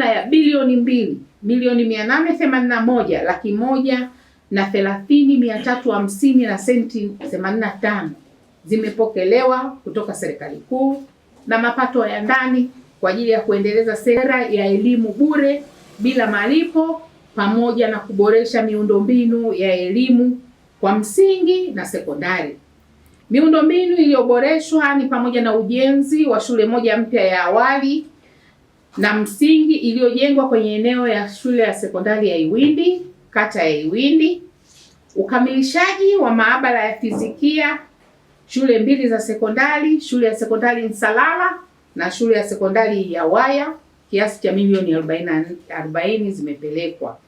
jumla ya bilioni mbili milioni mia nane themanini na moja laki moja na thelathini mia tatu hamsini na senti themanini na tano zimepokelewa kutoka serikali kuu na mapato ya ndani kwa ajili ya kuendeleza sera ya elimu bure bila malipo pamoja na kuboresha miundombinu ya elimu kwa msingi na sekondari. Miundombinu iliyoboreshwa ni pamoja na ujenzi wa shule moja mpya ya awali na msingi iliyojengwa kwenye eneo ya shule ya sekondari ya Iwindi, kata ya Iwindi. Ukamilishaji wa maabara ya fizikia shule mbili za sekondari, shule ya sekondari Nsalala na shule ya sekondari ya Waya, kiasi cha milioni 40 zimepelekwa,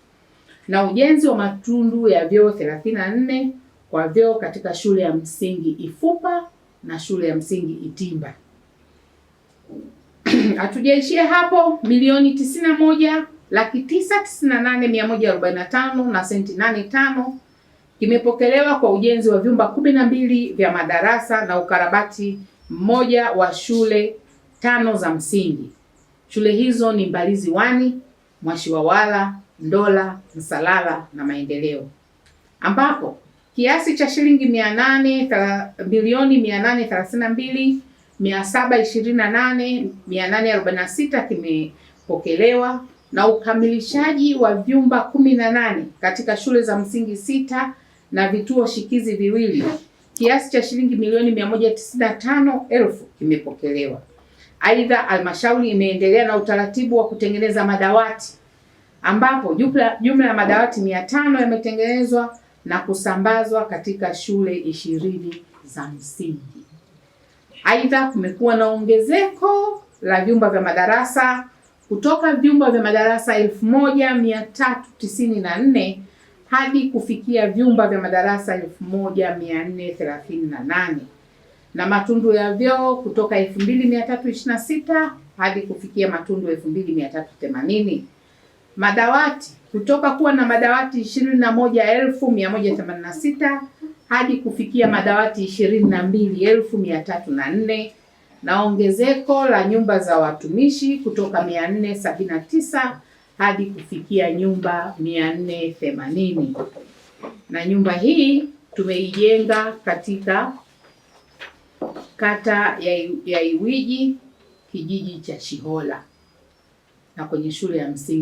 na ujenzi wa matundu ya vyoo 34 kwa vyoo katika shule ya msingi Ifupa na shule ya msingi Itimba. Hatujaishia hapo, milioni tisini na moja laki tisa tisini na nane mia moja arobaini na tano na senti nane tano kimepokelewa kwa ujenzi wa vyumba kumi na mbili vya madarasa na ukarabati mmoja wa shule tano za msingi. Shule hizo ni Mbalizi Wani, Mwashiwawala, Ndola, Msalala na Maendeleo, ambapo kiasi cha shilingi mia nane milioni mia nane thelathini na mbili mia saba ishirini na nane mia nane arobaini na sita kimepokelewa na ukamilishaji wa vyumba kumi na nane katika shule za msingi sita na vituo shikizi viwili kiasi cha shilingi milioni mia moja tisini na tano elfu kimepokelewa. Aidha, halmashauri imeendelea na utaratibu wa kutengeneza madawati ambapo jumla jumla ya madawati mia tano yametengenezwa na kusambazwa katika shule ishirini za msingi. Aidha, kumekuwa na ongezeko la vyumba vya madarasa kutoka vyumba vya madarasa nne hadi kufikia vyumba vya madarasa mia4ne 1438 na matundu ya vyoo kutoka 2326 hadi kufikia matundu 2380. Madawati kutoka kuwa na madawati ishirini na moja moja elfu mia 21186 hadi kufikia madawati ishirini na mbili elfu mia tatu na nne na ongezeko la nyumba za watumishi kutoka mia nne sabini na tisa hadi kufikia nyumba mia nne themanini na nyumba hii tumeijenga katika kata ya, ya Iwiji kijiji cha Shihola na kwenye shule ya msingi